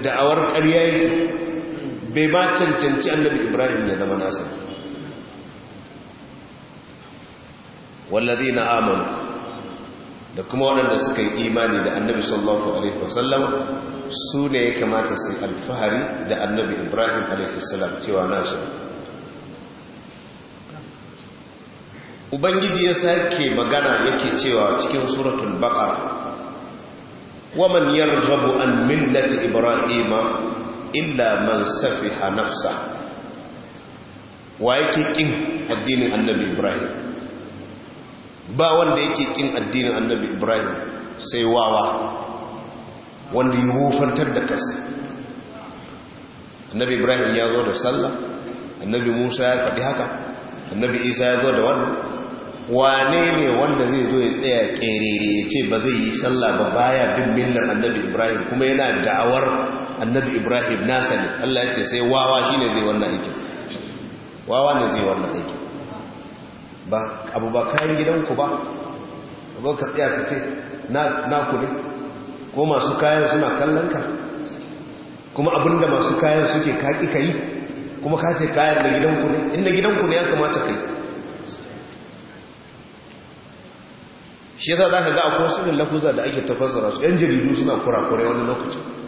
da'awar ƙarya yake bai ba cancanci annabi ibrahim ya zama nasa wallazi na amon da kuma waɗanda suka yi imani da annabi sallallahu alaihi wasallam su ne ya kamata su alfahari da annabi ibrahim alaihi salam cewa na ubangiji ya sake magana yake cewa cikin suratul baqara waman yarghabu an millati ibrahima illa man safiha nafsa wa yake kin addinin annabi ibrahim ba wanda yake kin addinin annabi ibrahim sai wawa wanda ya wofantar da kansa annabi ibrahim ya zo da sallah annabi musa ya faɗi haka annabi isa ya zo da wannan wane ne wanda zai zo ya tsaya ƙerere ya ce ba zai yi sallah ba baya bin millar annabi ibrahim kuma yana da'awar annabi ibrahim na sani allah ya ce sai wawa shi ne zai wannan aikin wawa ne zai wannan aikin ba abu ba kayan gidanku ba ba ka tsaya ka ce na kuri ko masu kayan suna kallon ka kuma abinda masu kayan suke kaki ka yi kuma ka ce kayan da gidanku ne inda gidanku ne ya kamata ka yi shi yasa za ka ga akwai sunan lafuza da ake tafasara su yan jaridu suna kurakure wani lokacin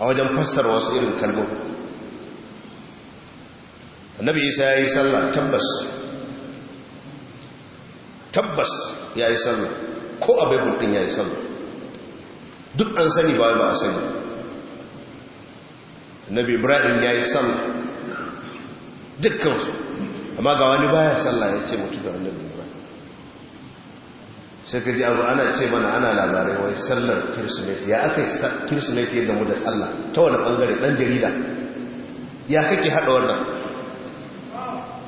a wajen fassar wasu irin kalmomi annabi isa ya yi sallah tabbas tabbas ya yi sallah ko a baibul din ya yi sallah duk an sani ba ba a sani annabi ibrahim ya yi sallah su amma ga wani baya sallah ya ce mutu da annabi ibrahim sai ka ji abu ana ce mana ana labarai wai sallar kirsimeti ya aka yi kirsimeti yadda mu da tsalla ta wani bangare dan jarida ya kake haɗa wannan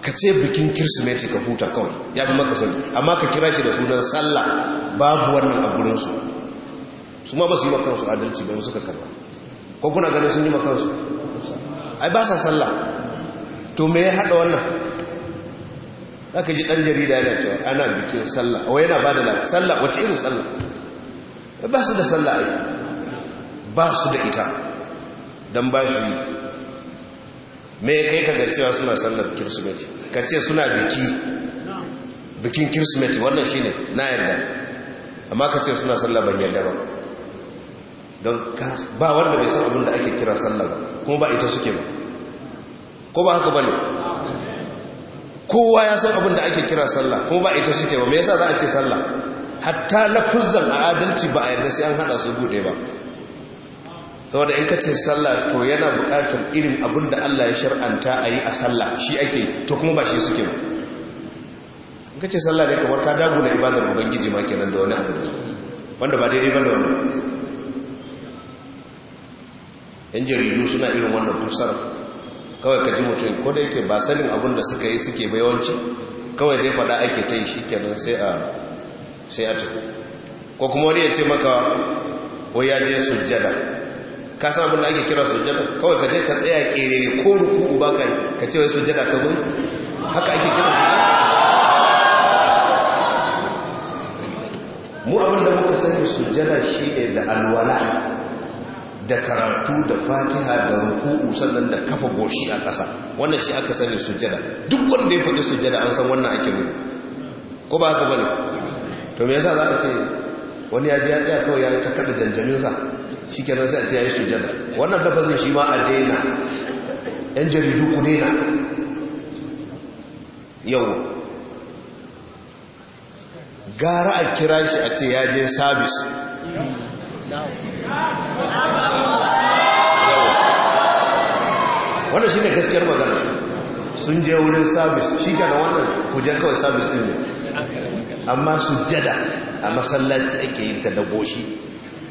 ka ce bikin kirsimeti ka huta kawai ya fi maka sauki amma ka kira shi da sunan tsalla babu wannan a gurinsu su ma ba su yi makansu adalci bayan suka karba ko kuna ganin sun yi makansu ai ba sa sallah to me ya haɗa wannan ka ji ɗan jarida yana cewa ana bikin sallah wa yana bada lafiya sallah wacce irin sallah ba su da sallah yi ba su da ita don ba shi me kai kaga cewa suna sallar kirsimeti ka ce suna biki bikin kirsimeti wannan shi ne, na yarda amma ka ce suna sallah ban yarda ba don ba wanda bai san abin da ake kira sallah ba kuma ba ita suke ba ko ba haka bane kowa ya san abin da ake kira sallah kuma ba ita suke ba me yasa za a ce sallah hatta na lafuzzan a adalci ba a yarda sai an hada su gude ba saboda in ka ce sallah to yana buƙatar irin abin da Allah ya shar'anta a yi a sallah shi ake to kuma ba shi suke ba in ka ce sallah ne kamar ka na ibadar ubangiji ma kenan da wani abu wanda ba daidai ba da wani yan jaridu suna irin wannan fusarar kawai ka ji mutum ko da yake ba sanin abin da suka yi suke bai yawanci kawai dai fada ake ta yi shi kenan sai a sai a tuku ko kuma wani ya ce maka ko ya je sujjada ka san abin da ake kira sujjada kawai ka je ka tsaya kerere ko ruku ba kai ka ce wai sujjada ka gudu haka ake kira sujjada mu abin da muka sani sujjada shi ne da alwala da karatu da fatiha da ruku'u sannan da kafa goshi a ƙasa wannan shi aka sani sujjada duk wanda ya faɗi sujjada an san wannan ake nuna ko ba haka bane to me yasa za ka ce wani ya ji ya tsaya kawai ya yi ta kada janjaminsa shi kenan sai a ce ya yi sujjada wannan lafazin shi ma a daina yan jaridu ku daina yau gara a kira shi a ce ya je sabis wanda shi ne gaskiyar magana sun je wurin sabis shi ka na wannan hujjar kawai sabis ne amma jada a masallaci ake yin ta da goshi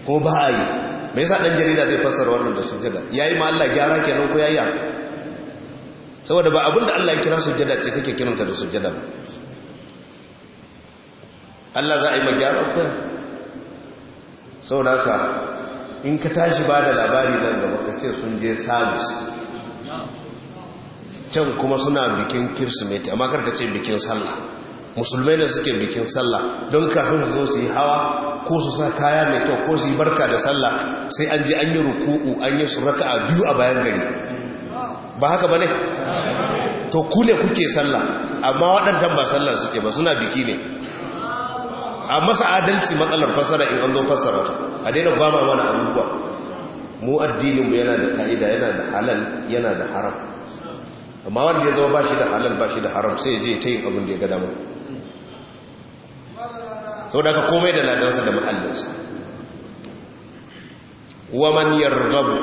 ko ba a yi mai sa ɗan jarida zai fassara wannan da jada ya yi ma Allah gyara kenan ko ya yi saboda ba abinda Allah ya kira jada ce kake kiranta da sujjada ba Allah za a yi ma gyara ko ya saboda ka in ka tashi ba da labari nan da baka ce sun je sabis can kuma suna bikin kirsimeti amma karka ce bikin sallah musulmai da suke bikin sallah don kafin su zo su yi hawa ko su sa kaya mai kyau ko su yi barka da sallah sai an ji an yi ruku'u an yi suraka a biyu a bayan gari ba haka ba ne to ku ne kuke sallah amma waɗantan ba sallah suke ba suna biki ne a masa adalci matsalar fasara in an zo fasara a daina gwama mana abubuwa mu addininmu yana da ka'ida yana da halal yana da haram amma wanda ya zama ba shi da halal ba shi da haram sai je ta yi abin da ya ga mu sau da ka komai da ladansa da mahallinsa waman rabu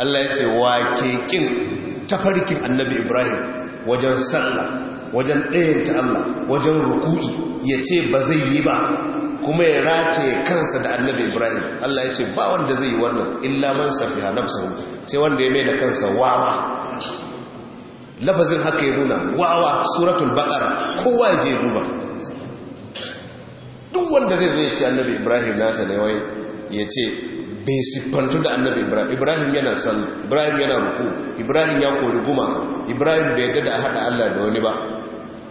Allah ya ce wa kekin tafarkin annabi ibrahim wajen sallah wajen ɗayanta Allah wajen ruku'i ya ce ba zai yi ba kuma ya rataye kansa da annabi ibrahim allah ya ce ba wanda zai yi wannan illa man safiha nafsahu sai wanda ya mai da kansa wawa lafazin haka ya nuna wawa suratul baqara kowa ya je duba duk wanda zai zai ce annabi ibrahim nasa ne wai ya ce bai siffantu da annabi ibrahim ibrahim yana sallu ibrahim yana ruku ibrahim ya kori gumaka ibrahim bai ga da haɗa allah da wani ba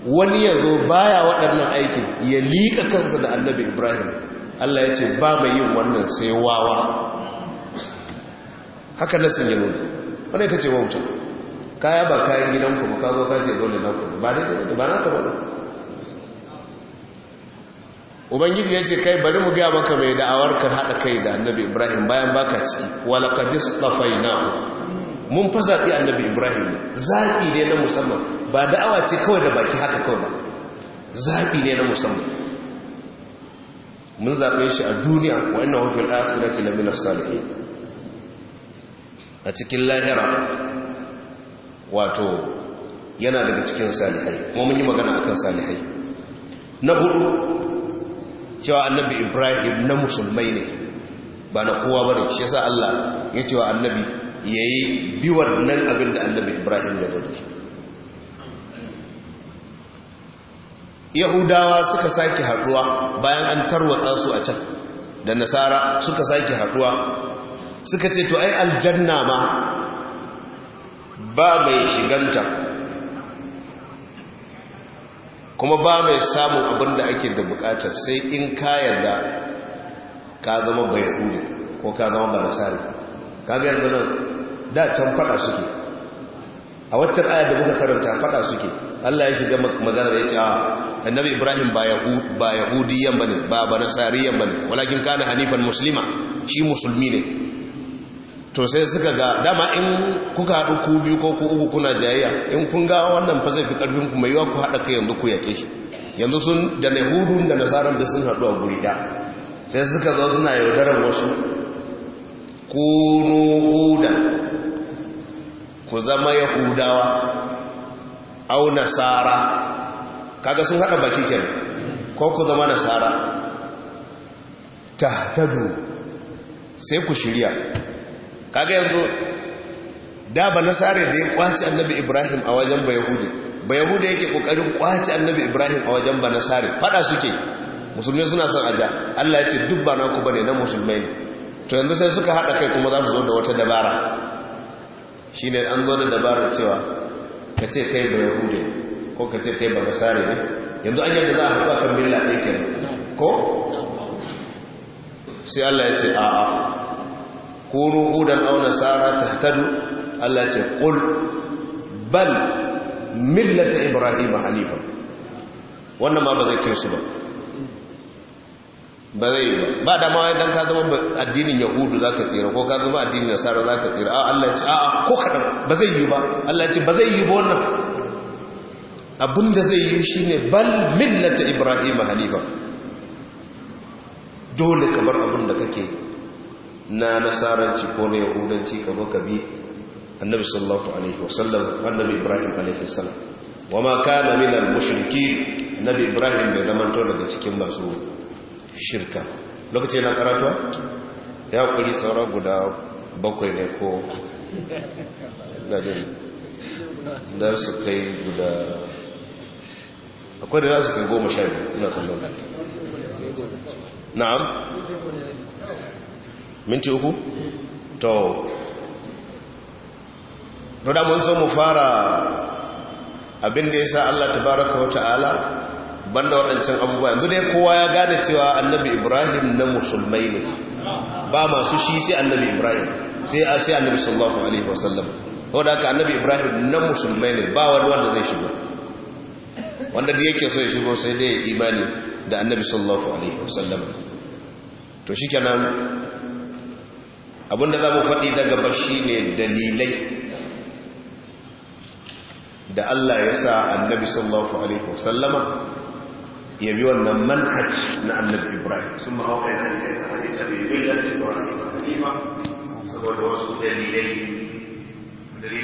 wani ya zo baya waɗannan aikin ya liƙa kansa da annabi ibrahim allah ya ce ba mai yin wannan sai wawa haka nasin yi nuna wani ta ce wauta kaya ba kayan gidanku ba kazo kaji dole na ku ba daidai ba na ka ba ubangiji ya ce kai bari mu gaya maka mai da'awar kan haɗa kai da annabi ibrahim bayan baka ciki walakadis ɗafai na mun fa zaɓi annabi ibrahim zaɓi ne na musamman ba da'awa ce kawai da baki haka kawai ba zaɓi ne na musamman mun zaɓe shi a duniya wa ina wafin akhirati na minas salihi a cikin lahira wato yana daga cikin salihai kuma mun yi magana akan salihai na hudu cewa annabi ibrahim na musulmai ne ba na kowa ba shi yasa allah ya cewa annabi ya yi biwar nan abin da annabi ibrahim ya gado shi yahudawa suka sake haduwa bayan an tarwatsa su a can da nasara suka sake haduwa suka ce to ai aljanna ma ba mai shiganta kuma ba mai samun abin da ake da bukatar sai in ka yarda ka zama bai hudu ko ka zama ba nasari ga yanzu nan da can fada suke a waccan ayar da muka karanta fada suke Allah ya shiga maganar ya ce ah, annabi ibrahim ba yahudiyan bane ba banasariyan bane walakin kana hanifan muslima shi musulmi ne to sai suka ga dama in kuka haɗu ku biyu ko ku uku kuna jayayya in kun ga wannan fa zai fi ƙarfin ku mai yiwa ku haɗa kai yanzu ku yake shi yanzu sun da hudun da nasaran da sun haɗu a guri ɗa sai suka zo suna yaudarar wasu kunu hudan ku zama yahudawa au nasara kaga sun haɗa baki kenan ko ku zama nasara tahtadu sai ku shirya kaga yanzu da ba nasara da ya kwaci annabi ibrahim a wajen bayahudi bayahudi yake kokarin kwaci annabi ibrahim a wajen ba nasara fada suke musulmi suna son aja allah ya ce duk ba ne bane na musulmai ne to yanzu sai suka haɗa kai kuma za su zo da wata dabara shi ne an zo da dabarar cewa ka ce kai bayahudi ko ka ce kai baka sare ne yanzu an yadda za a haɗu akan milla ɗaya kenan ko sai Allah ya ce a'a kunu udan aw ta tahtadu Allah ya ce ƙul bal millata ibrahim halifa wannan ma ba zai kai su ba ba zai yi ba ba da ma dan ka zama addinin yahudu ka tsira ko ka zama addinin nasara ka tsira a Allah ya ce a ko kaɗan ba zai yi ba Allah ya ce ba zai yi ba wannan abinda zai yi shi ne bal millata ibrahim hanifa dole kamar abinda kake na nasaranci ko na yahudanci kamar kabi bi annabi sallallahu alaihi wasallam annabi ibrahim alaihi salam ma kana min al-mushriki annabi ibrahim bai to daga cikin masu shirka lokaci na karatuwa ya kuri saura guda bakwai ne ko na din da su kai guda akwai da za su kai goma sha biyu ina kallon na'am minti uku to da mun so mu fara abin da ya sa Allah tabaraka wa ta'ala banda waɗancan abubuwa yanzu dai kowa ya gane cewa annabi ibrahim na musulmai ne ba masu shi sai annabi ibrahim sai a sai annabi sallallahu alaihi wasallam wadda ka annabi ibrahim na musulmai ne ba wani wanda zai shiga wanda da yake so ya shigo sai dai imani da annabi sallallahu alaihi wasallam to shikenan abinda za mu faɗi daga bar shine dalilai da Allah ya sa annabi sallallahu alaihi wasallama ya bi wannan manhaj na annabi Ibrahim sun ma'aukai da ne ta hadita bai bai da su ba saboda wasu dalilai